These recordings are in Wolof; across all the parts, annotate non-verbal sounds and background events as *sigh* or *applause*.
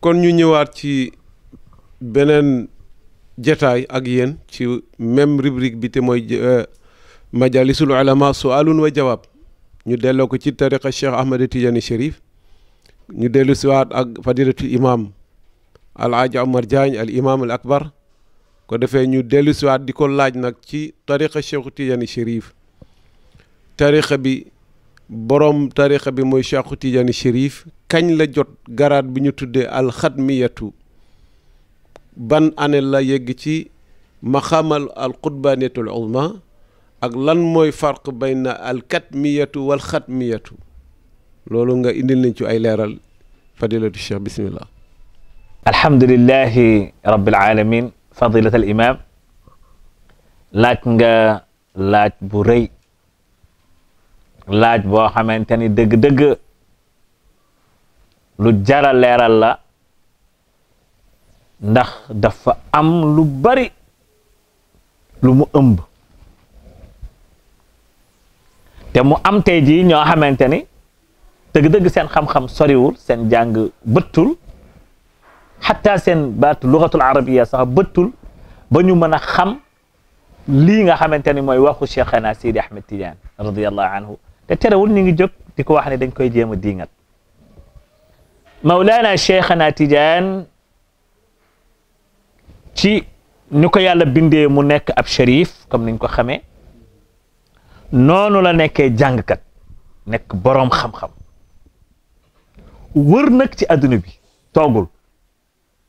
kon ñu ñëwaat ci beneen jataay ak yéen ci même rubrique bi te mooy euh, majalisul ulama sualun wa jawaab ñu delloo ko ci tariqa cheikh ahmada tidiane chérif ñu dellu siwaat ak fadilatul imam alaaji omar diagne al imam akbar ko defee ñu dellu siwaat di ko laaj nag ci tariqa cheikh tidiane chérif tariqa bi borom tarixa bi mooy Cheikhu Tidiane Chérif kañ la jot garaat bi ñu tuddee alxadmiyatu ban année la yegg ci maxamal alqutbaniyatul uzma ak lan mooy farq bayna alkatmiyatu wal xatmiyatu loolu nga indi nañ ci ay leeral fadilatu cheikh bismillah alhamdulilahi rabbil alamin fadilat al imam laaj nga laaj bu rëy laaj boo xamante ni dëgg-dëgg lu jara leeral la ndax dafa am lu bari lu mu ëmb te mu am tey jii ñoo xamante ni dëgg-dëgg seen xam-xam soriwul seen jàng bëttul xataa seen baat lugatul arabiya sax bëttul ba ñu mën a xam lii nga xamante ni mooy waxu Cheikhana Sidi Ahmed Tidiane radiyallahu anhu te terewul ñu ngi jóg di ko wax ne dañ koy jéem a diingat Mawlana Cheikhana Tidiane ci ni ko yàlla bindee mu nekk ab sharif comme niñ ko xamee noonu la nekkee jàngkat nekk boroom xam-xam wër nag ci àdduna bi toogul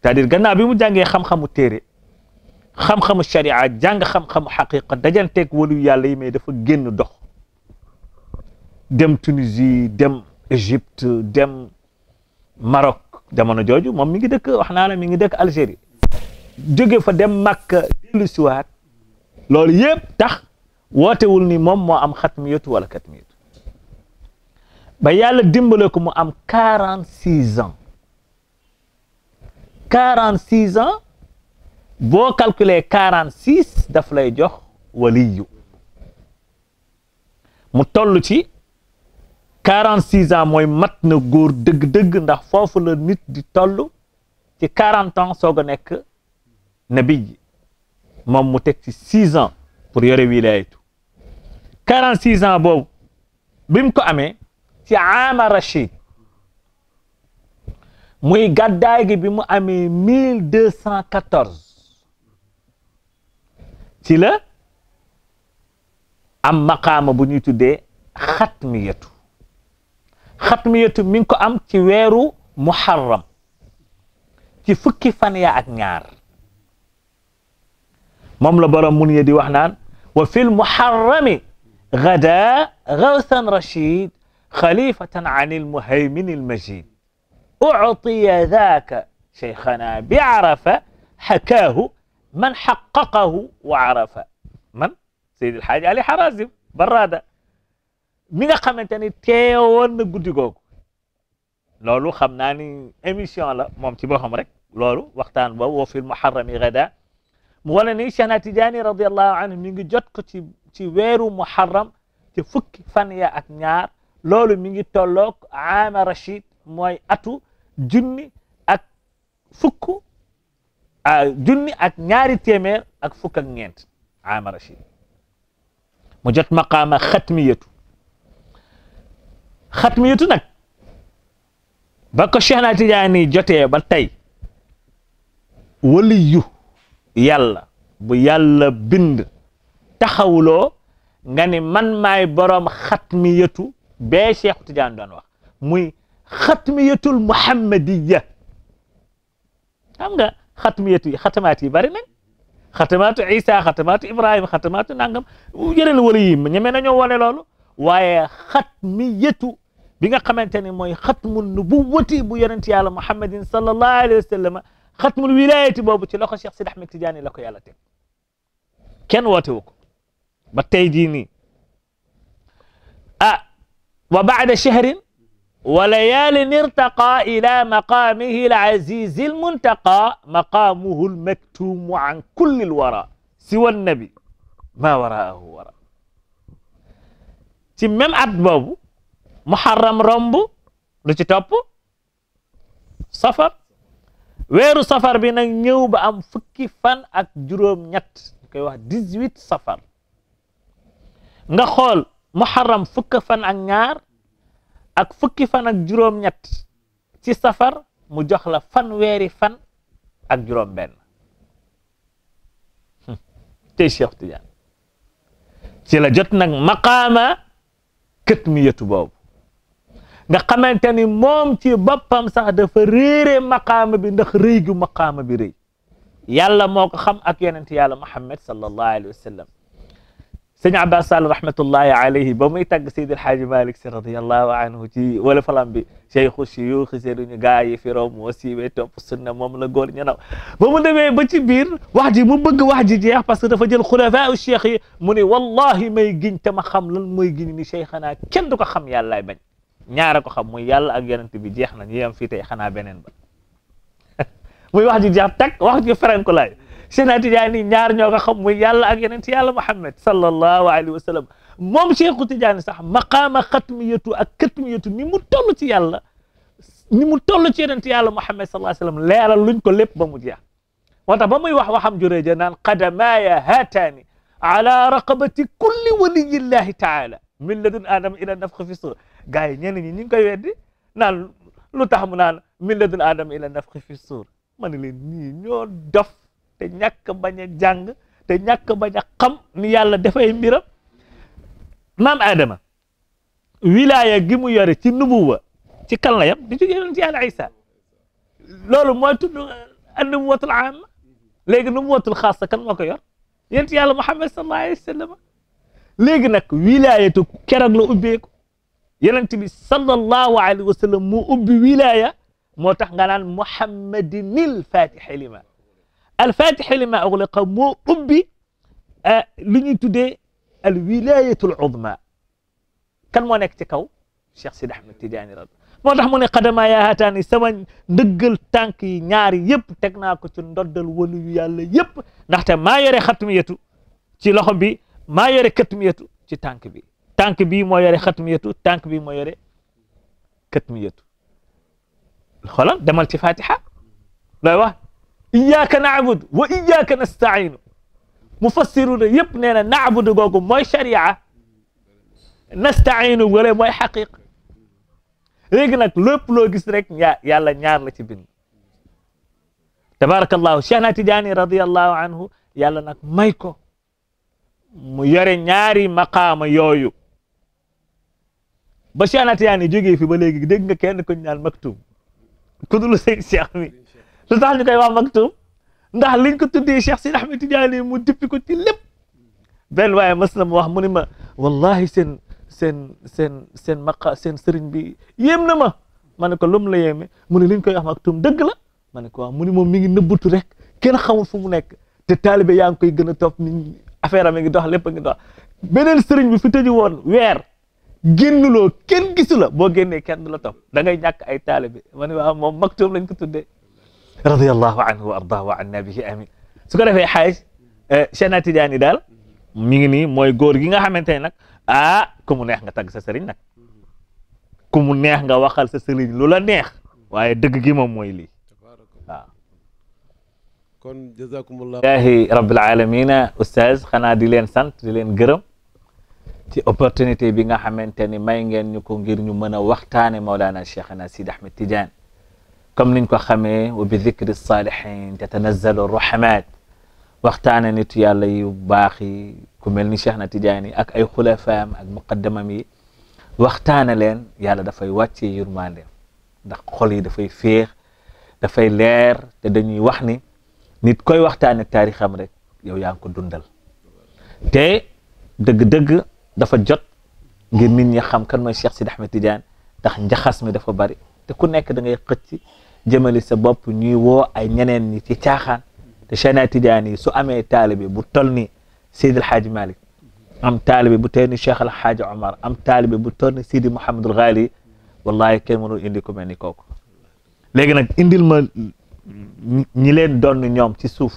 c'est-à-dire gannaaw bi mu jàngee xam-xamu téere xam-xamu sharia jàng xam-xamu dajan dajanteeg walu yàlla yi mais dafa génn dox dem Tunisie dem Égypte dem Maroc jamono jooju moom mi ngi dëkk wax naa la mi ngi dëkk Algérie jóge fa dem Makka dellu siwaat loolu yëpp tax wootewul ni moom moo am xatmiyatu wala katmiyatu ba yàlla dimbale ko mu am quarante six ans quarante boo calculer quarante six daf lay jox waliyu mu toll ci quarante six ans mooy mat na góor dëgg-dëgg ndax foofu la nit di toll ci quarante ans soog nekk nabi ji mu teg ci six ans pour yore wilaayatu quarante six ans boobu bi mu ko amee ci ama rachid muy gàddaay gi bi mu amee mille deux ci la am maqaama bu ñuy tuddee xatmiyatu xatmiyatu mi ngi ko am ci weeru muharram ci fukki fan ya ak ñaar moom la borom mun ye di wax naan wa fi lmuharrami gada gawsan rachid xalifatan an almuhaymin almajid uctiya daaka cheikhana bi arafa xakaahu man xaqaqahu wa arafa man sayid alxaaji ali xarazim barrada mi nga xamante ni teewoon na guddi googu loolu xam naa ni émission la moom ci boppam rek loolu waxtaan boobu woo fil muharrami gada mu wane ni Cheikhna Tijaani radiallahu anhu mi ngi jot ko ci ci weeru muharram ci fukk fan ya ak ñaar loolu mi ngi tollook aama rachid mooy atu junni ak fukk ak ñaari téeméer ak fukk ak ñeent mu jot maqaama xatmiyatu xatmiyatu nag ba ko Cheikh jote Tijaani ba tey waliyu yàlla bu yàlla bind taxawuloo nga ni man maay boroom xatmiyatu bee Cheikh Tidiane doon wax muy xatmiyatul muhammadiya xam nga xatmiyatu yi xatamaat yi bari nañ xatamaatu Isa xatamaatu Ibrahima xatamaatu nangam yeneen wala yi ñeme nañoo wane loolu waaye xatmiyatu bi nga xamante ne mooy xatmul nubuwati bu yonent yàlla muhammadin sallallahu alayhi wa sallam xatmul wilayati boobu ci loxo Cheikh Sidi Ahmed Tidiane la ko yàlla teg kenn woote wu ko ba tey jii nii ah wa baada shahrin wa layaalin irtaqa ila maqaamihi al-azizi al-muntaqa maqaamuhu al-maktuumu an kulli al-wara siwa an-nabi ma waraahu wara ci même at boobu muharram romb lu ci topp safar weeru safar bi nag ñëw ba am fukki fan ak juróom-ñett ñu safar nga xool muharram fukki fan ak fan ak juróom-ñett ci safar mu jox la fan weeri fan ak juróom-benn hmm. tey ci la jot nag maqaama kët mi yetu boobu nga xamante ni moom ci bappam sax dafa réeree maqaama bi ndax rëy gu maqaama bi rëy yàlla moo ko xam ak yonent yàlla muhammad sallallahu alayhi wa sallam sëñ abbas sall rahmatullahi alayhi ba muy tàgg seydil xaaji malik si radiallahu anhu ci wala falam bi cheikhu siyuuxi seeduñu gaa yi fi raw moo siiwee topp sunna moom la góor ñu naw ba mu demee ba ci biir wax ji ma bëgg wax ji jeex parce que dafa jël xulafaa u cheikh yi mu ne wallahi may giñ te ma xam lan mooy giñ ni cheikhana kenn du ko xam yàllaay bañ ñaara ko xam muy yàlla ak yonent bi jeex na ñuy am fii tey xanaa beneen ba *laughs* muy wax ji jeex wax ji ferenku laay Seexna Tijaani ñaar ñoo ko xam muy yàlla ak yonent yàlla Muhammad sallallahu alayhi wa sallam moom Seexu Tijaani sax maqaama xatmiyatu ak katmiyatu ni mu toll ci yàlla ni mu toll ci yonent yàlla Muhammad sallallahu alayhi wa sallam leeral luñ ko lépp ba mu jeex moo tax ba muy wax waxam juree ja naan qadamaaya haataani ala raqabati kulli waliyillahi taala min ladun aadama ila nafxi fi suur gars yi ñenn ñi ñu ngi koy weddi naan lu tax mu naan min ladun aadama ila nafxi fi suur ma ne leen ñii ñoo dof te ñàkk bañ a jàng te ñàkk bañ a xam ni yàlla dafay mbiram maam aadama wilaaya gi mu yore ci nubuwa ci kan la yam di jóge yoon ci yàlla isa loolu mooy tudd uh, annubuwatul aama léegi nubuwatul xaasa kan moo ko yor yent yàlla muhammad sallallahu alayhi wa sallam léegi nag wilaayatu keroog la ubbeeku yonent bi sallallahu alayhi wa sallam mu ubbi wilaaya moo tax nga naan muhammadinil fatihi lima al fatihi lima ughliqa moo ubbi eh, li ñuy tuddee al wilayatul uzma kan moo nekk ci kaw Cheikh Sidi Ahmed Tidiane rad moo tax mu ne xadama yaa haataani sama ndëggal tànk yi ñaari yëpp teg naa ko ci ndoddal walu yu yàlla yëpp ndaxte maa yore xatmiyatu ci loxo bi maa yore katmiyatu ci tànk bi tànk bii moo yore xatmiyatu tànk bii moo yore katmiyatu xoolal demal ci fatiha looy wax iyyaka na'budu wa iyyaka nasta'inu mufassiruna yëpp nee na na'budu googu mooy sharia nasta'inu wala mooy xaqiqa léegi nag lépp loo gis rek ñaa yàlla ñaar la ci bind tabarakallahu Cheikh na Tijaani radiyallahu anhu yàlla nag may ko mu yore ñaari maqaama yooyu ba Cheikh Ahmad Tidiane jógee fi ba léegi dégg nga kenn ku ñu naan Maktoum ku dul sëñ Cheikh mi lu tax ñu koy wax Maktoum ndax liñ ko tuddee Cheikh Sidi Ahmed Tidiane mu dippi ko ci lépp benn waaye mas na ma wax mu ne ma wallahi seen seen seen seen maqa seen sëriñ bi yéem na ma ma ne ko lum la yéeme mu ne liñ koy wax Maktoum dëgg la ma ne ko waaw mu ne moom mi ngi nëbbutu rek kenn xamul fu mu nekk te taalibe yaa ngi koy gën a topp nit affaire am ngi dox lépp a ngi dox beneen sëriñ bi fi tëju woon weer génnuloo kenn gisu la boo génnee kenn du la top da ngay ñàkk ay taalibe ma ne waaw moom maktuum lañ ko tuddee radiallahu anhu wa ardahu wa anna bihi amin su ko defee xaaj eh, Cheikh na daal mi ngi nii mooy góor gi nga xamante ne nag ah ku neex nga tag sa sëriñ nag neex nga waxal sa sëriñ lu la neex waaye dëgg gi moom mooy lii waaw kon jazakumullah rabbil alamina oustaz xanaa di leen sant di leen gërëm ci opportunité bi nga xamante ni may ngeen ñu ko ngir ñu mën a waxtaane Mawlana Cheikhna Sid Ahmed Tidiane comme niñ ko xamee wa bi dicri salihin tatanazzalu rahmat waxtaane nit yàlla yu baax yi ku mel ni Cheikhna Tidiane yi ak ay xulafaam ak muqaddamam yi waxtaane leen yàlla dafay wàccee yurmandeem ndax xol yi dafay féex dafay leer te dañuy wax ni nit koy waxtaane taarixam rek yow yaa ngi dundal dafa jot ngir nit ñi xam kan mooy Cheikh Sidi Ahmed Tidiane ndax njaxas mi dafa bari te ku nekk da ngay xëcc jëmali sa bopp ñuy woo ay ñeneen ñi ci caaxaan te Cheikhna Tidiane yi su amee taalibe bu tol ni Seydi El Hadji Malick am taalibe bu tey ni Cheikh El Hadji am taalibe bu tol ni Seydi Mouhamadul Ghali wallahi kenn mënul indi ku mel ni kooku léegi nag indil ma leen doon ñoom ci suuf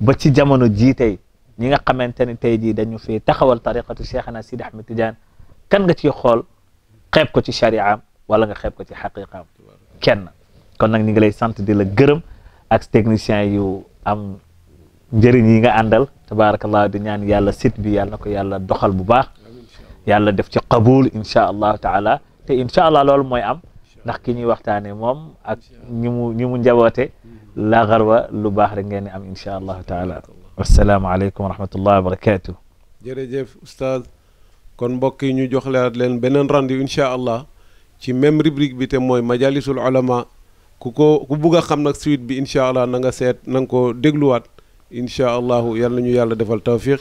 ba ci jamono jiite ñi nga xamante ne tey jii dañu fi taxawal tariqatu cheikhana Sidi Ahmed Tidiane kan nga ciy xool xeeb ko ci shari'am wala nga xeeb ko ci xaqiqaam kenn kon nag ñi ngi lay sant di la gërëm ak technicien yu am njëriñ yi nga àndal tabarakallah di ñaan yàlla site bi yàlla na ko yàlla doxal bu baax yàlla def ci qabul incha allahu taala te incha allah loolu mooy am ndax ki ñuy waxtaane moom ak ñi mu ñi mu njaboote la garwa lu baax rek ngeen ni am incha allahu taala asalaamaaleykum wa rahmatullahi wa barakaatu. jërëjëf oustaz kon mbokk yi ñu jox leeraat leen beneen rendez-vous incha allah ci même rubrique bi te mooy majalisul ulama ku ko ku bugg xam nag suite bi incha allah na nga seet nanga nga ko dégluwaat incha allahu yàlla ñu yàlla defal tawfiq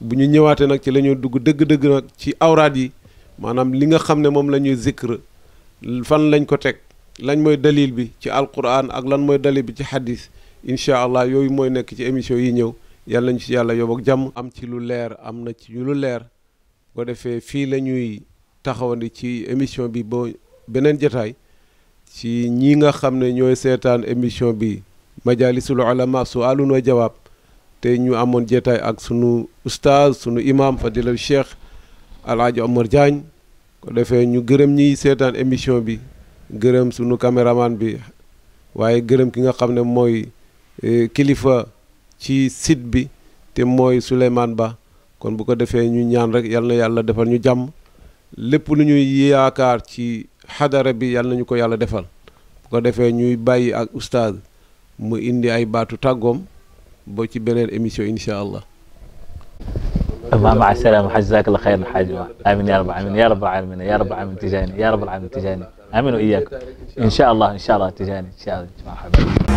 bu ñu ñëwaatee nag ci la ñuy dugg dëgg-dëgg nag ci awraat yi maanaam li nga xam ne moom la ñuy zikr fan lañ ko teg lañ mooy dalil bi ci alquran ak lan mooy dalil bi ci hadis incha allah yooyu mooy nekk ci émission yi ñëw yàlla nañ ci yàlla yóbbu ak jàmm am ci lu leer am na ci lu leer ko defee fii la ñuy taxawandi ci émission bi boo beneen jataay ci ñi nga xam ne ñooy seetaan émission bi majalisul ulama su'aalun wa jawaab te ñu amoon jataay ak sunu ustaaz sunu imam fadilal cheikh alaaji Omar Diagne ko defee ñu gërëm ñiy seetaan émission bi gërëm sunu caméraman bi waaye gërëm ki nga xam ne mooy eh, kilifa ci site bi te mooy Souleymane Ba kon bu ko defee ñu ñaan rek yal na yàlla defal ñu jàmm lépp lu ñuy yaakaar ci xadara bi yal na ñu ko yàlla defal bu ko defee ñuy bàyyi ak oustaz mu indi ay baatu tàggoom boo ci beneen émission incha allah. maa maa salaam jazaakalla xayran xaaji ma amin ya rabal alamin ya rabal alamin ya rabal alamin tijaani ya rabal alamin tijaani amin wa iyaakum incha allah incha allah tijaani